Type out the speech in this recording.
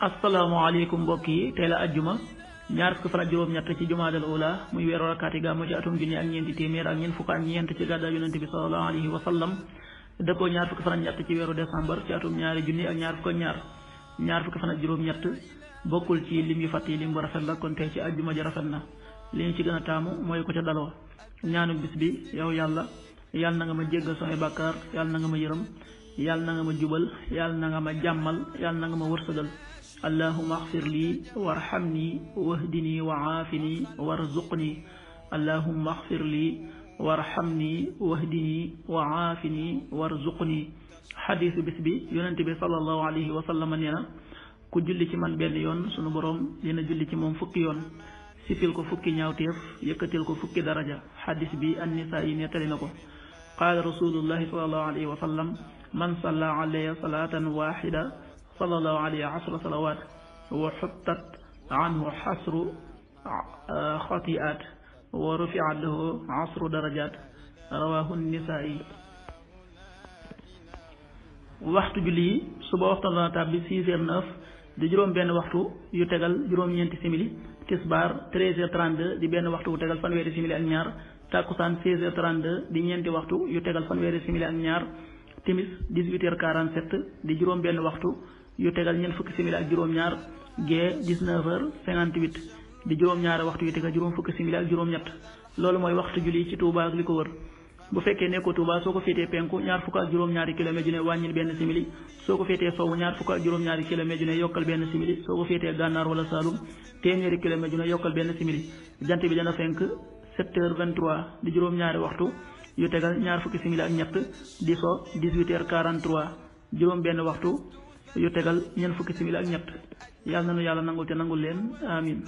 asalaamaaleykum mbokk yi tey la ajjuma ñaar fukki fan ak juróom-ñett ci jumaadal ula muy weeru rakkaati gàmmu ci atum junni ak ñeenti téeméer ak ñeent fukk ak ñeent ci gàddaa yonent bi sallallahu alayhi wa sallam dëppoo ñaar fukki fan ak ñett ci weeru décembre ci atum ñaari junni ak ñaar fukki fan juróom-ñett bokkul ci lim yu fàtt yi lim bu rafet la kon tey ci ajjuma ja rafet na li ñu ci gën a taamu mooy ko ca daloo ñaanu bis bi yow yàlla yàlla na nga ma jéggal samay bàkkaar yàlla na nga ma yërëm yàlla na nga ma jubal yàlla na nga ma jàmmal yàlla na nga ma wërsëgal allahuma axfir lii warxamni wahdini wa aafini warzuqni allahuma axfir lii warxamni wahdini wa aafini warzuqni xadiisu bis bi yonente bi sallallahu alayhi wa sallam nee na ku julli ci man benn yoon sunu boroom dina julli ci moom fukki yoon sifil ko fukki ñaawteef yëkkatil ko fukki daraja xadis bi annisaa yi nettali na ko qaala rasulullahi sallallahu alayhi wa sallam man salla alayya salaatan waxida sallallahu alayhi asra salawat wa xuttat anhu xasru xatiat wa rufiat lahu asru darajat waxtu julli suba waxtu dana tàbbi six heures neuf di juróom benn waxtu yu tegal juróom-ñeenti simili tisbaar treize di benn waxtu wu tegal fanweeri simili ak ñaar tàkkusaan seize heures trente-deux di ñeenti waxtu yu tegal fanweeri simili ak ñaar timis dix quarante-sept di juróom benn waxtu yu tegal ñeent fukki simili ak juróom-ñaar gee 19h58 di juróom-ñaari waxtu yu tegal juróom fukki simili ak juróom-ñett loolu mooy waxtu julli ci Touba ak li ko wër. bu fekkee nekkoo Touba soo ko féetee penku ñaar fukk ak juróom-ñaari kilomètre ju ne benn simili soo ko féetee sowu ñaar fukk ak juróom-ñaari kilomètre yokkal benn simili soo ko féetee gànnaar wala Saloum téeméeri kilomètre ju yokkal benn simili jant bi dana fenk 7h23 di juróom-ñaari waxtu yu tegal ñaar fukki simili ak ñett di so 18h43 juróom benn waxtu yu tegal ñeent fukki simili ak ñett yàlla na nu yàlla nangul te nangul leen amin